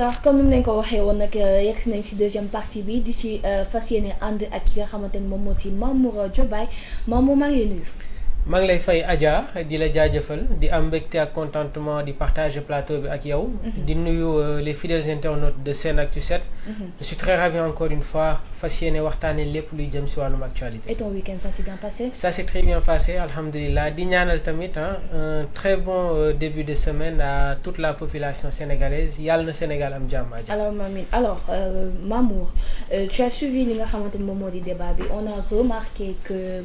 alors comme ni mu leen ko waxee woon nag euh, yegg si nañ si deuxième partie bi di ci euh, fas yéene ànd ak ki nga xamante ni moom moo ci Mamour Diobaye Mamour maa ngi lay nuyu. Je ngi fay Adja di la jaajëfal di am mbégte ak contentement di partager plateau bi ak yow. Mhm. di nuyu euh, les fidèles internautes de SENactu 7. Mhm. je suis très ravi encore une fois fas yéene lepp luy jëm ci wàllum actualité. et ton week-end ça s'est bien passé. ça s'est très bien passé alhamdoulillah di ñaanal tamit hein, mhm. un très bon euh, début de semaine à toute la population sénégalaise yàlla na Sénégal am jàmm Adja. alors Mamine alors euh, Mamour tu as suivi li nga xamante mom modi débat bi on a remarqué que.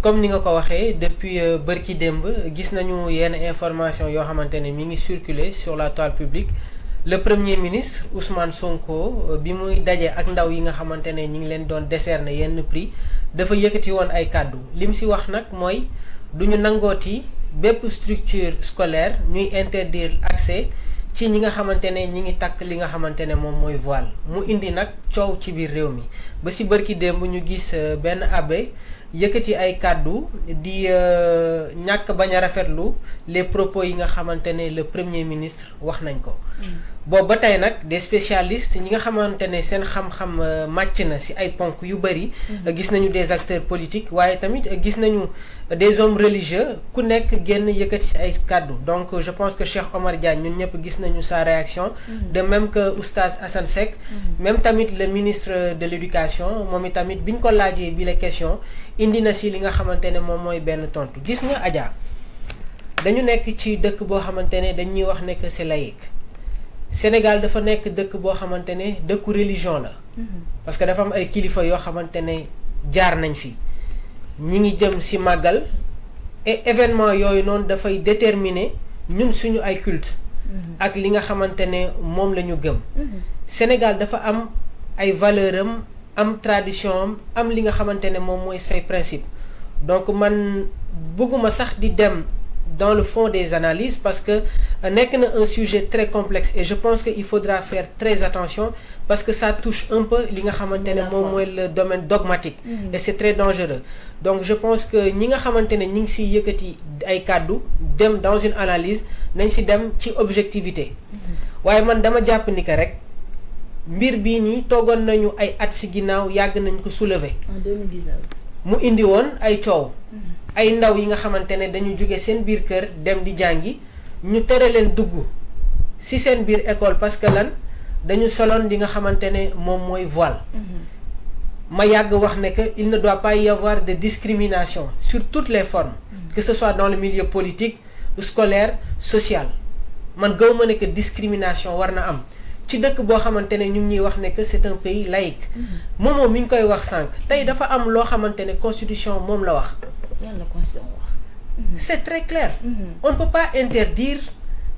comme ni nga ko waxee depuis euh, bërki démb gis nañu yenn information yoo xamante mi ngi circuler sur la toile publique le premier ministre Ousmane Sonko euh, bi muy daje ak ndaw yi nga xamante ne ñi ngi leen doon décerner yenn prix dafa yëkkati woon ay kàddu li mu si wax nag mooy du ñu structure scolaire ñuy interdire accès ci ñi nga xamante ñi ngi takk li nga xamante ne moom voile mu indi nak coow ci biir réew mi ba ñu gis euh, ben abbé yëkkati ay kàddu di euh, ñàkk bañ a rafetlu les propos yi nga xamante ne le premier ministre wax nañ ko. Mm. boobu ba tey nag des spécialistes ñi nga xamante ne seen xam-xam euh, màcc na ci ay ponk yu bari. Mm-hmm. gis nañu des acteurs politiques waaye tamit gis nañu des hommes religieux ku nekk génn yëkkati ci ay kàddu donc je pense que Cheikh Omar Diagne ñun ñëpp gis nañu sa réaction. Mm-hmm. de même que Oustaz Assane Seck. Mm-hmm. même tamit le ministre de l'éducation moom itamit biñ ko laajee bi la question indi na si li nga xamante ne moom mooy benn tontu gis nga Adja dañu nekk ci dëkk boo xamante ne dañuy wax ne que c'est laïque Sénégal dafa nekk dëkk boo xamante ne dëkku religion la. Mhm. parce que dafa am ay kilifa yoo xamante ne jaar nañ fi. ñi ngi jëm ci màggal et événement yooyu noonu dafay déterminer ñun suñu ay culte mhm. ak li nga xamante ne moom la ñu gëm. Mhm. Sénégal dafa am ay valeur am am tradition am li nga xamante ne moom mooy say principe donc man bëgguma sax di dem. dans le fond des analyses parce que euh, n'est un sujet très complexe et je pense qu'il faudra faire très attention parce que ça touche un peu le domaine dogmatique mm-hmm. et c'est très dangereux donc je pense que ñi nga xamantene ñi ngi si yëkëti dans une analyse nañ ci dem objectivité mm-hmm. waye man dama japp ni rek mbir bi ni togon nañu ay at ci yag nañ ko soulever en 2019 mu indi won ay ay ndaw yi nga xamante ne dañu jóge seen biir kër dem di jàngi ñu tere leen dugg si seen biir école parce que lan dañu soloon li nga xamante ne moom mooy voile mhm. ma yàgg wax ne que il ne doit pas y de discrimination sur toutes les formes mhm. que ce soit dans le milieu politique scolaire social man gaw ma ne que discrimination war na am ci dëkk boo xamante ne ñu ngi ñuy wax ne que c'est un pays laïque moomoo mhm. mi ngi koy wax sànq tey dafa am loo xamante ne constitution moom la wax Mm-hmm. c'est très clair mm-hmm. on ne peut pas interdire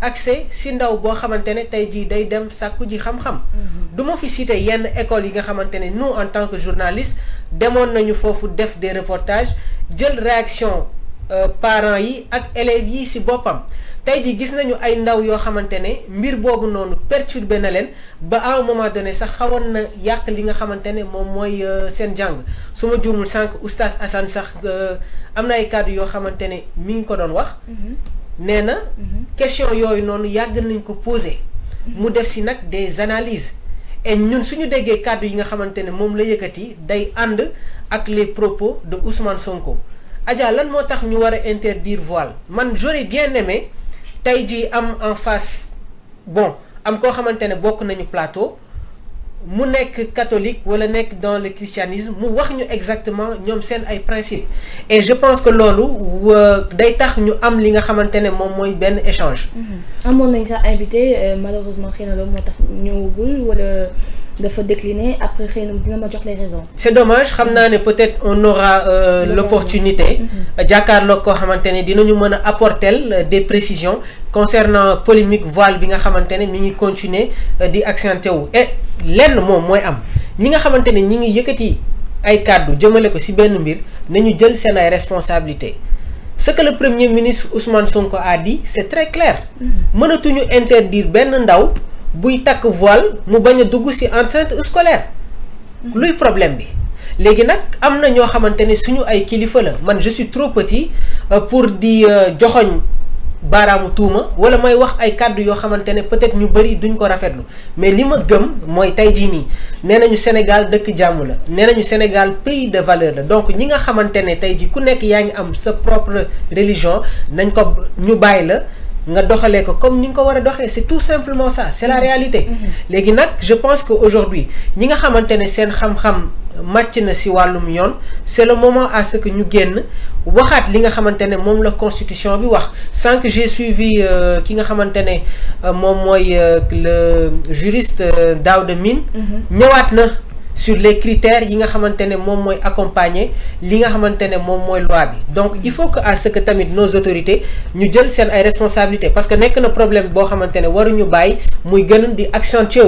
accès si ndaw boo xamante ne day dem sàkku ji xam-xam mm-hmm. du ma fi citer yenn yi nous en tant que journaliste demandons nous fofu def des reportages jël réaction euh, parents yi ak élèves yi ci boppam tey jii gis nañu ay ndaw yoo xamante ne mbir boobu noonu perturbé na leen ba à un moment donné sax xawoon na yàq li nga xamante ne moom mooy euh, seen jàng su ma juumul sànq oustaz Assane sax euh, am na ay kàddu yoo xamante ne mi ngi ko doon wax. Mhm. nee na. Mhm. question yooyu noonu yàgg nañ ko posé. Mhm. mu def si nag des analyses. et ñun suñu déggee kàddu yi nga xamante ne moom la yëkkati day ànd ak les propos de Ousmane Sonko. Adja lan moo tax ñu war a interdire voile man j'aurais bien aimé. tey am en face bon am ko xamantene ne nañu plateau mu nek catholique wala nek dans le christianisme mu wax ñu exactement ñom sen ay principes et je pense que lolu day tax ñu am li nga xamantene mom moy ben échange. Mhm. amoon nañ sa invité euh, malheureusement xëy na loolu moo tax wala faut décliner après que na dina ma les raisons. C'est dommage xam peut-être on aura euh, l'opportunité. l'opportunité, mm-hmm. jàkkaarloog koo dit ne dinañu mën apporter euh, des précisions concernant polémique voile bi nga xamante mi continuer euh, di accentuer ou et lenn de mooy am ñi nga que nous ñi ngi yëkkati ay kàddu jëmale ko nous avons mbir nañu jël ce que le premier ministre Ousmane Sonko a dit c'est très clair. Mm-hmm. mënatuñu interdire Ben ndaw buy tak voile mu baña dugg ci enceinte scolaire. luy problème bi. légui nak amna na xamantene ne suñu ay kilifa la man je suis trop petit euh, pour di euh, joxogn baramu tuma wala may wax ay peut-être ñu bari duñ ko mais ma gëm moy Sénégal dëkk la Sénégal pays de valeur donc ñi nga xamantene ne ku am sa propre religion nañ ko ñu nga doxalee ko comme ni nga ko war c'est tout simplement ça c'est la mm-hmm. réalité mm-hmm. léegi je pense que aujourd'hui ñi nga xamantene ne seen xam-xam match na si walum yoon c'est le moment à ce que ñu guen waxat li nga xamantene mom la constitution bi wax sans que j'ai suivi euh, ki nga xamantene euh, mom moy euh, le juriste Daouda Mine mm-hmm. ñëwaat na sur les critères qui sont accompagnés ne moom accompagner loi donc il faut que à ce que tamit nos autorités nous jël seen responsabilités parce que nekk na problème boo xamante ne waruñu bàyyi muy gën di accentuer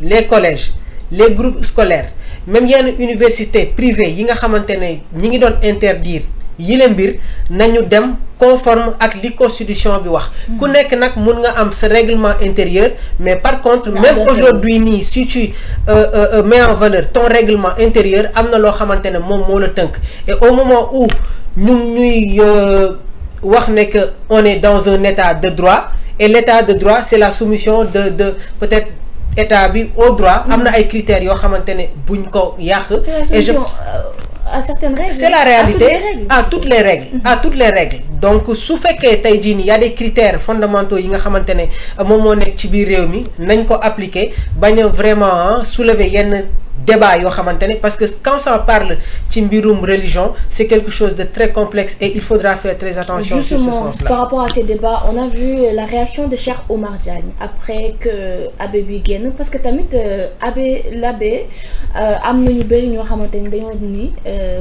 les collèges les groupes scolaires même les université privées qui nga xamante interdire yile mbir nañu dem conforme à la constitution bi wax ku hmm. nek nak mën nga am règlement intérieur mais par contre même aujourd'hui si tu euh, euh, euh, mets en valeur ton règlement intérieur tu lo xamantene mom monotone. la et au moment où nous ñuy wax on est dans un état de droit et l'état de droit c'est la soumission de de peut-être état bi au droit amna hmm. ay critères yo xamantene buñ ko à certaines règles. C'est la réalité. À toutes les règles. À toutes les règles donc su fekkee tey jii y a des critères fondamentaux yi nga xamante ne euh, moom nekk ci biir réew mi vraiment hein, soulever yenn débat parce que quand ça parle ci religion c'est quelque chose de très complexe et il faudra faire très attention sur ce sens-là par rapport à ces débats on a vu euh, la réaction de Cher Omar Diagne après que abbé bi parce que tamit euh, abbé l'abbé am nañu bëri ñoo xamante dañoo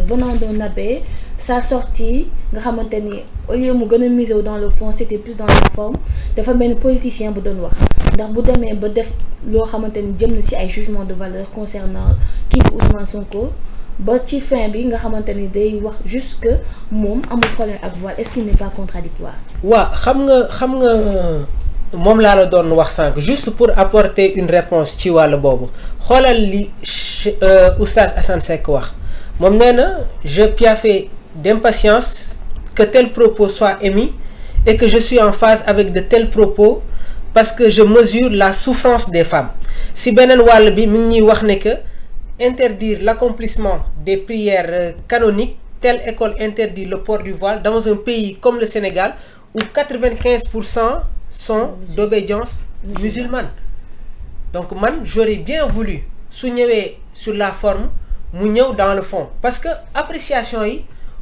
venant d'un abbé sa sortie nga xamanteni au lieu mu gëna a miser dans le fond c'était plus dans la forme dafa mel ni politicien bu doon wax ndax bu démé ba def lo xamanteni jëm na ci ay jugement de valeur concernant qui Ousmane Sonko ba ci fin bi nga xamanteni day wax juste que moom amul problème ak voile est-ce qu'il n'est pas contradictoire Wa, xam nga xam nga mom la la doon wax sank juste pour apporter une réponse ci walu bobu. Xolal li euh, Oustad Assane Seck wax Mom néna je piafé d'impatience que tel propos soit émis et que je suis en phase avec de tels propos parce que je mesure la souffrance des femmes si Benen Wal bi que interdire l'accomplissement des prières euh, canoniques telle école interdit le port du voile dans un pays comme le Sénégal où 95 sont d'obédience musulmane donc man j'aurais bien voulu souligner sur la forme mu dans le fond parce que appréciation est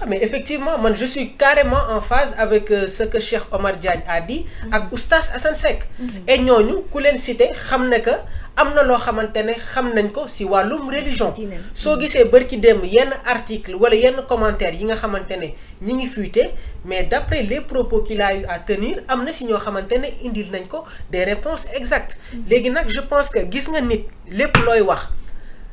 Ah, mais effectivement man je suis carrément en phase avec euh, ce que Cheikh Omar Diagne a dit mm-hmm. ak Oustaz Assane Seck mm-hmm. et nous, ku leen cité xam que amna lo xamantene xam nañ ko si walum religion so gisee barki dem yenn article wala yenn commentaire yi nga xamantene ñi ngi fuité mais d'après les propos qu'il a eu à tenir amna si ñoo xamantene indil nañ ko des réponses exactes mm-hmm. légui nak je pense que gis nga nit lepp loy wax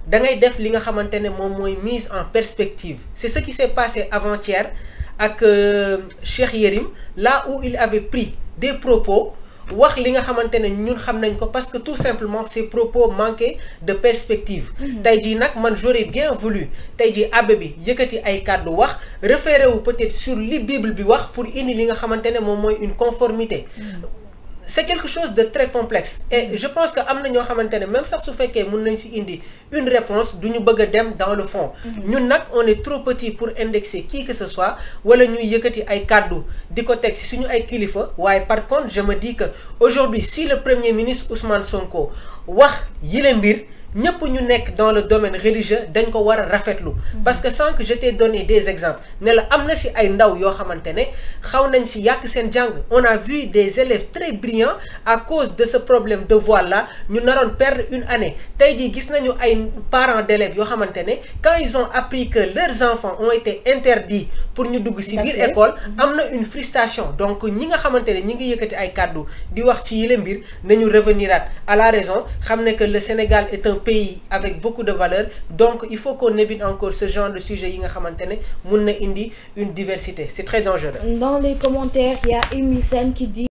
da ngay def li nga xamantene mom moy mise en perspective c'est ce qui s'est passé avant-hier ak euh, Cheikh Yerim, là où il avait pris des propos wax li nga xamantene ñun xam ko parce que tout simplement ces propos manquaient de perspective mhm. tay jii nak man j'aurais bien voulu tay jii abbé bi yëkkati ay kàddu wax référé wu peut-être sur li Bible bi wax pour indi li nga xamantene mom moy une conformité mhm c'est quelque chose de très complexe et je pense que amna ñoo xamantene même sax su fait mën nañ indi une réponse nous ne bëgg dem dans le fond mhm. ñun nak on est trop petit pour indexer qui que ce soit wala ñu yëkëti ay cadeau diko tek ci si suñu ay kilifa par contre je me dis que aujourd'hui si le premier ministre Ousmane Sonko wax yile mbir ñëpp ñu nekk dans le domaine religieux dañ ko war a rafetlu mm-hmm. parce que sans que je te donné des exemples ne la am na si ay ndaw yoo xamante ne xaw nañ si on a vu des élèves très brillants à cause de ce problème de voile là ñu naroon perdre une année tey jii gis nañu ay parents d'élèves yoo quand ils ont appris que leurs enfants ont été interdits pour ñu dugg si biir école mm-hmm. am une frustration donc ñi nga xamante ne ñi ngi yëkkati ay kàddu di wax ci yile mbir nañu revenir à la raison xam que le Sénégal est un pays avec beaucoup de valeurs. donc il faut qu'on évite encore ce genre de sujet Il nga a une diversité c'est très dangereux dans les commentaires il y a qui dit